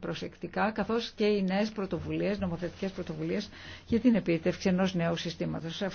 προσεκτικά, καθώς και οι νέες πρωτοβουλίες, νομοθετικές πρωτοβουλίες για την επίτευξη ενός νέου συστήματος.